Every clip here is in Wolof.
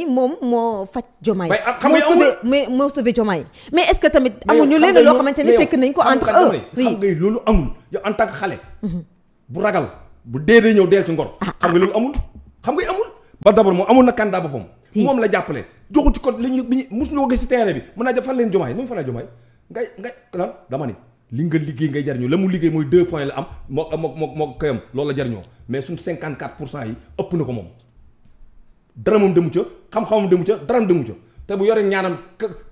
moom moo faj Diomaye. Ah, moo sauvé mais moo sauvé Diomaye mais est-ce que tamit. amuñu lenn loo xamante ne sekk nañ ko entre eux. oui xam nga loolu amul yow en tant que xale. Mhm. bu ragal bu dee dee ñëw deel ci ngor. Ah, xam nga ah. loolu amul xam nga amul. ba d'abord moom amul na candidat boppam. moom la jàppale joxu ci code li ñu bi ñu mosuñu ko gis ci terrain bi mën naa jàpp leen Diomaye moom fan la Diomaye ngay ngay lan dama ni. li nga liggéey ngay jariñoo la mu liggéey mooy deux points la am moo moo mais suñu 54 pour cent yi ëpp na ko moom dara moom demu ca xam-xamam demu ca daram demu ca te bu yore ñaanam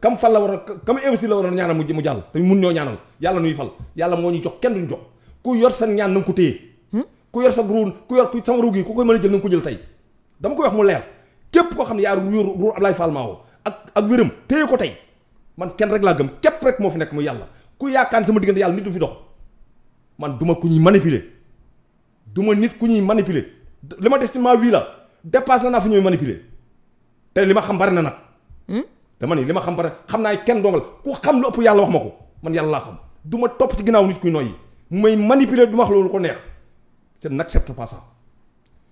kam fal la war a kam investir la war a ñaanam mu jàll te mun ñoo ñaanal yàlla nuy fal yàlla moo ñuy jox kenn duñ jox ku yor sa ñaan na nga ko téye hmm? ku yor sa ruur ku yor ku sama ruur gi ku ko mën a jël na nga ko jël tey dama koy wax mu leer képp koo xam ne yaa ruur ruur Ablaye Fall Mawo ak ak wéram téye ko tey man kenn rek laa gëm képp rek moo fi nekk mu yàlla ku yaakaar sama diggante yàlla nit du fi do man duma ku ñuy manipuler duma nit ku ñuy manipuler li ma des ci ma vie la dépassé naa fu ñuy manipuler te li ma xam bari na nag. te hmm? man li ma xam bari xam naa kenn doogal ku xam lu ëpp yàlla wax ma ko man yàlla laa xam du ma topp ci ginnaaw nit kuy noyyi may manipuler du ma wax loolu ko neex te n'accepte pas ça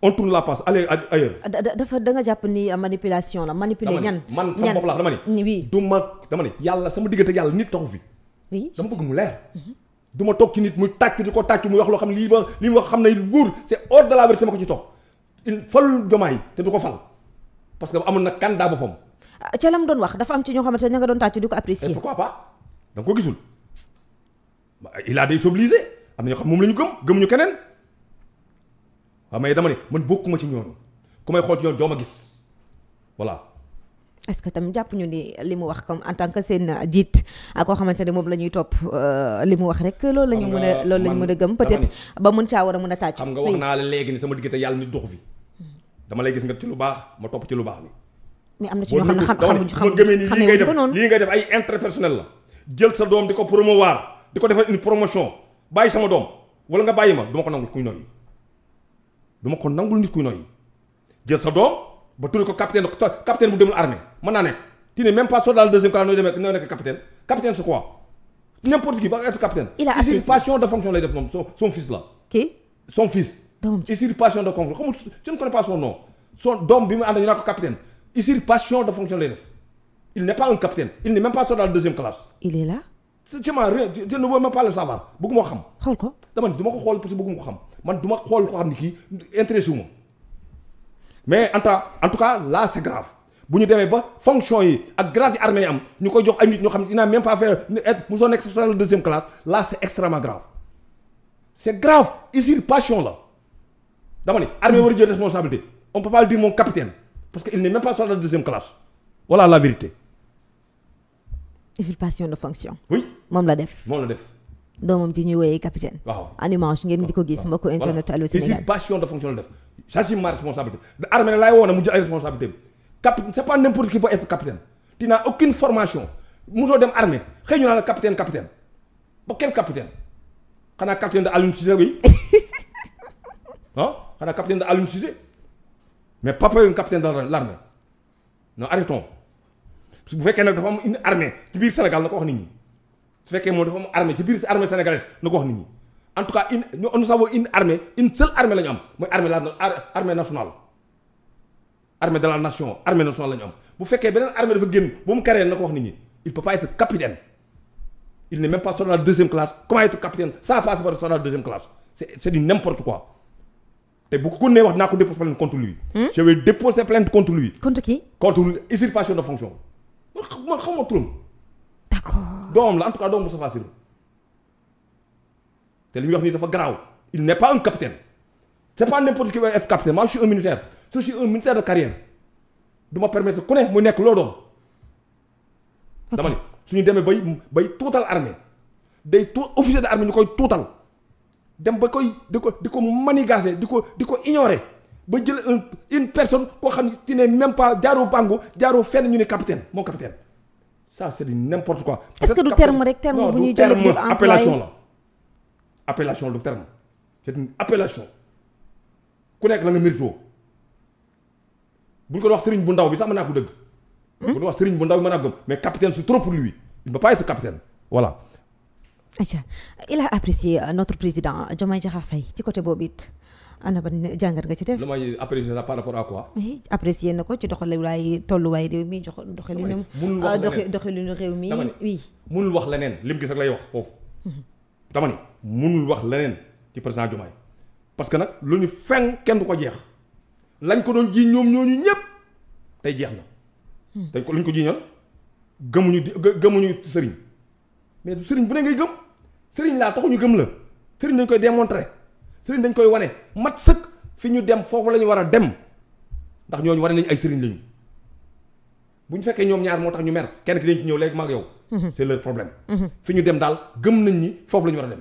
on tourne la passe allez ailleurs. Ah, dafa da nga jàpp ni euh, manipulation la manipuler ñan man sama bopp laa dama ni oui du ma dama ni yàlla sama diggante yàlla nit taxu fi. oui dama bëgg mu leer. Mhm. du ma toog ci nit muy tàcc di ko tàcc wax loo xam ne lii ma xam ne wóor c'est ko ci toog. il falul jomaay te du ko fal parce que amoon na candidat boppam. Ah, ca la mu doon wax dafa am ci ñoo xamante ne ña nga doon tàcc di ko apprécier. pourquoi pas da nga ko gisul il a des am na ñoo xam moom la ñu gëm gëmuñu keneen waaw mais dama ne man bokkuma ci ñooñu ku may xool ci ñoom joo ma gis voilà. est-ce que tamit jàpp ñu ni li mu wax comme en tant que seen jiit koo xamante ne moom la ñuy topp euh, li mu wax rek. loolu la mën a loolu la ñu mën a gëm peut-être ba mën caa war a mën a nga wax léegi ni sama diggante yàlla ni doxu fi. dama lay gis nga ci lu baax ma topp ci lu baax li mais am na ci ñoo xam ne xam xamuñu xam ma gëmee ni lii ngay def lii ngay def ay intérêt personnel la jël sa doom di ko promouvoir di ko defal une promotion bàyyi sama doom wala nga bàyyi ma du ma ko nangul kuy noyyi du ma ko nangul nit kuy noyyi jël sa doom ba tuddee ko capitaine capitaine bu demul armée mën naa nekk tu n'es même pas soldat de deuxième classe nooy demee nooy nekk capitaine capitaine c'est quoi n'importe qui ba être capitaine il a une passion def moom son son usurpation de fonction xamul je doom bi mu ànd ñu naan ko capitaine usurpation de fonction lay def il n'est pas un capitaine il n'est même pas dans la deuxième classe. il est là. je m'en rien je ne veux même pas le savoir ko xam. xool ko dama du ma ko xool parce que bëgguma ko xam man du ma xool koo xam ni kii intéressé mais en tout en tout cas là c'est grave bu ñu demee ba fonction yi ak grade yi armée yi am ñu koy jox ay nit ñoo xam ne dinaa même pas faire mu soo nekk sa deuxième classe là c'est extrêmement grave c'est grave la. dama ni armée war a jël responsabilité on peut pas le dire mon capitaine parce que il n'est même pas soldat de deuxième classe voilà la vérité. usurpation de fonction. oui moom la def moom la def. doomam ji ñuy woowee capitaine. waaw animage ngeen di ko gis mbokku internet allo Sénégal usurpation de fonction la def ça ma responsabilité da armée laay woo na mu jël ay responsabilité cap c'est pas n'importe qui peut être capitaine. tu n'as formation mosoo dem armée xëy ñu naa la capitaine capitaine ba xanaa capitaine de Alioune Cissé xanaa capitaine de Aliou Cissé mais papa yooyu capitaine de l'armée non arrêtons bu fekkee nag dafa am une armée ci biir Sénégal na ko wax nit ñi su fekkee moom dafa am armée ci biir armée sénégalaise na ko wax nit ñi en tout cas une nous avons une armée une seule armée la am mooy armée la armée nationale armée nationale la am bu fekkee beneen armée dafa génn ba mu carré na ko wax nit ñi il peut pas capitaine il n'est même passe par de deuxième te bu ko nee wax naa ko déposer plainte contre lui. Hmm? je vais déposer plainte contre lui. contre qui. contre usurpation de fonction. man xam man xaw ma turam. d'accord doomam la en tout cas doomu Moustapha Cissé te li muy wax nii dafa garaaw. il n'est pas un capitaine. c'est pas n'importe qui va être capitaine moi je suis un militaire je suis de carrière du ma permettre ku ne mu nekk loo doon. dama ni suñu demee bay bay tuutal armée day tu officier de armée ñu koy tuutal. dem ba koy di ko di ko manigaser di ko di ko ignorer ba jël un une personne koo xam ne ne même pas jaaroo bàngu jaaroo fen ñu ne capitaine moom capitaine sa c'est n'importe quoi. est que du terme rek terme ñuy jëlee non du terme appellation la appellation du terme c'est ku nekk la nga mérito bu ñu ko wax sëriñ bu ndaw bi sax mën naa ko dëgg. Hmm? bu ñu wax sëriñ bu ndaw bi mën naa ko gëm mais capitaine c'est trop pour lui il ne peut pas capitaine voilà. E uh, aca il a apprécié notre président Diomaye Diakhar Faye ci côté boobu it ana ban jàngat nga ci def. damay apprécié ça par rapport à quoi. apprécié na ko ci doxaliwaay tolluwaay réew mi jox doxalinu. munul wax leneen doxalinu réew mi oui. munul wax leneen lim gis rek lay wax foofu. dama ni munul wax leneen ci président Diomaye parce que nag lu ñu fenk kenn du ko jeex lañ ko doon ji ñoom ñooñu ñëpp tey jeex na. dañ hmm. ko luñ ko ji ñoon gëmuñu di gëmuñu sëriñ mais du sëriñ bu ne ngay gëm. sëriñ laa ñu gëm la sëriñ dañ koy démontrer sëriñ dañ koy wane mat sëkk fi ñu dem foofu la war a dem ndax ñoo ñooñu wane nañu ay sëriñ lañu bu ñu fekkee ñoom ñaar moo tax ñu mer kenn ki dañ ci ñëw léegi mag yow. Mhm. c'est leur problème. Mhm. fi ñu dem daal gëm nañ ni foofu la ñu war a dem.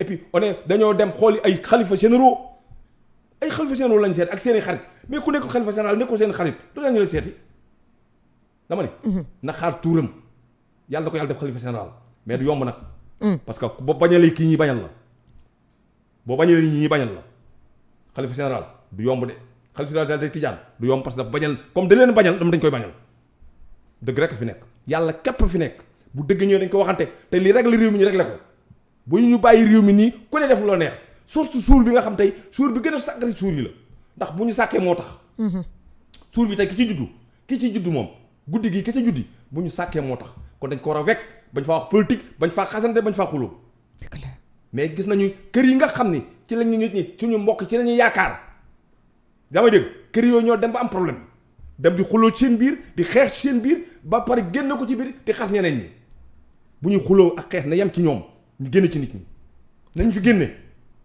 et puis on est dañoo dem xooli ay xalifa généraux ay xalifa généraux lañ seet ak seen i xarit mais ku nekkul xalifa général nekkul seen xarit du la ñu seeti dama ne. Mhm. na xaar tuuram yàlla na ko yàl def xalifa général yomb nag. Mm. parce que boo bañalee kii ñi bañal la boo bañalee ñi ñi bañal la xalifa général du yomb de xalifa général daal day tijaan du yomb parce que dafa comme da leen bañal dañ koy bañal dëgg rek fi nekk yàlla képp fi nekk bu dëgg ñëwee dañ ko waxante te lii rek la réew mi ñu réglé ko bu ñu bàyyi réew mi nii ku ne def loo suur bi nga xam tey suur bi gën a suur yi la ndax bu ñu sàkkee moo tax mm-hmm. suur bi tey ki ci juddu ki ci juddu moom guddi gi ki juddi bu ñu sàkkee moo tax kon dañ ko war a wekk bañ faa wax politique bañ faa xasante bañ faa xuloo mais gis nañu kër yi nga xam ni ci lañu nit ñi suñu mbokk ci lañuy yaakaar damay dégg kër yooyu ñoo dem ba am problème dem di xuloo ci seen biir di xeex ci seen biir ba pare génn ko ci biir di xas ñeneen ñi bu ñuy xuloo ak xeex na yam ci ñoom ñu génn ci nit ñi nañu fi génne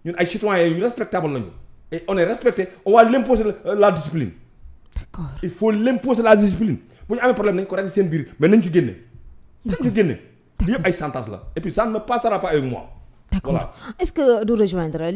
ñun ay citoyens yu respectable nañu et on est respecté on va l'imposer euh, la discipline d'accord il faut l'imposer la discipline bu ñu amee nañ ko rek seen biir mais nañ ci génne nañ ci li yëpp ay chantage la et puis ça ne passera pas avec moi. d'accord voilà. est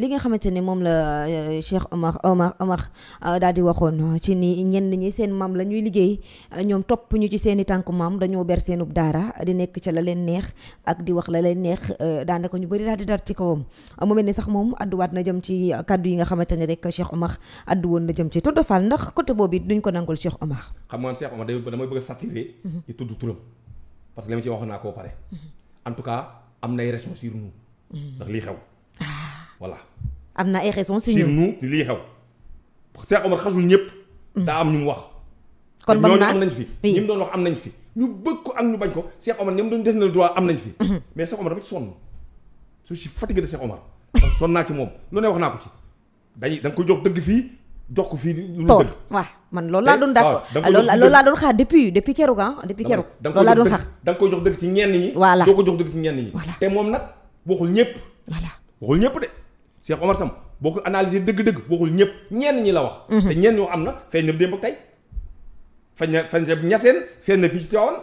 li nga xamante ne moom la euh, Cheikh Omar Omar Omar euh, daal di waxoon euh, ci ni ñenn ñi seen maam la ñuy liggéey ñoom topp ñu ci seen i tànku maam dañoo ber seenub daara di nekk ca la leen neex ak di wax la leen neex daanaka ñu bëri daal di dar ci kawam mu mel ni sax moom adduwaat na jëm ci kaddu yi nga xamante ne rek Cheikh Omar addu woon na jëm ci tontu Fall ndax côté boobu it duñ ko nangul Cheikh Omar. xam nga Cheikh Omar mhm. tudd parce que li ma ci waxoon naa koo pare. en tout cas am na ay raisons sur nous. ndax lii xew. voilà. am na ay raisons sur nous lii xew. Cheikh Omar xasul ñëpp. Mm. daa am ñu mu wax. kon ba mu naan am nañ fi. ñi mu doon wax am nañ fi. ñu bëgg ko ak ñu bañ ko Cheikh Omar ñoom doon des na le droit am nañ fi. Mm-hmm. mais Cheikh Omar dafa sonn su si fatigué de Cheikh Omar. sonn ci moom lu wax naa ko ci. dañuy da nga jox dëgg fii. jox ko fii lu mu dëgg waaw man loolu laa eh, doon d'accord loolu laa doon xaar depuis depuis keroog ah depuis keroog loolu laa doon xaar da koy jox dëgg ci ñenn ñi voilà doo ko jox dëgg ci ñenn ñi te moom nag waxul ñëpp voilà waxul ñëpp de Cheikh Omar Tam boo ko analyser dëgg-dëgg waxul ñëpp ñenn ñi la wax mhm. te ñenn ñoo am na feeñ na démb ak tey feeñ na feeñ na ñaseen feeñ na fii ci Tiwaawan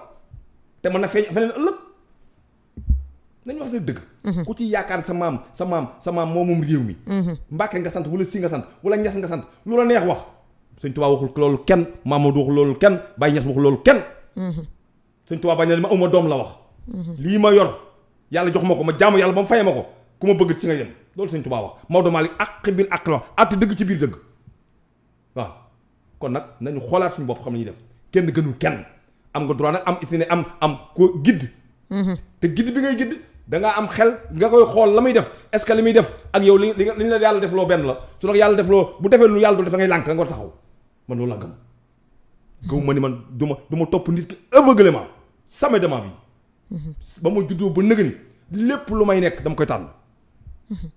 te mën na feeñ feneen ëllëg nañu wax dëgg. ku ci yaakaar sa maam sa maam sa maam moomum réew mi. Mbàkke nga sant wala si nga sant wala ñas nga sant lu la neex wax. Sëñ Tuubaa waxul loolu kenn Mamadou waxul loolu kenn Baye Ñas waxul loolu kenn. Sëñ Tuubaa ma uma doom la wax. lii ma yor yàlla jox ma ko ma jaamu yàlla ba mu ma ko ku ma bëgg ci nga yem loolu Sëñ Tuubaa wax Maodo Malick àq bil àq la wax àtt dëgg ci biir dëgg waaw. kon nag nañu xoolaat suñu bopp xam nañu def kenn gënul kenn am nga droit nag am it ne am am ko gidd. te gidd bi ngay gidd. da am xel nga koy xool la muy def est-ce que li muy def ak yow li li ñu la yàlla def loo benn la su la yàlla def loo bu defee lu yàlla du def ngay lànk da nga war taxaw man loolu laa gëm. ma ni man du ma ma topp nit ki aveuglément sama demande bi. Mhm. ba ma juddoo ba nëgëni lépp lu may nekk dama koy tànn. Mhm.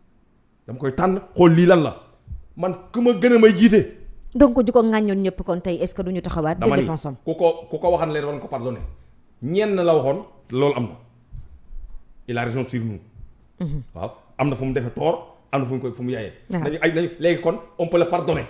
dama koy tànn xool lii lan la man ku ma gën a may jiite. donc di ko ŋàññoon ñëpp kon tey est-ce que du ñu taxawaat. dama ni ku ko ku ko waxan leen war ko pardonné na la waxoon loolu am na. il a raison sur nous. Mhm. waaw am na fu mu defee tort am na fu mu koy fu mu yaayee. nañu ay nañu léegi kon on peut le pardonner.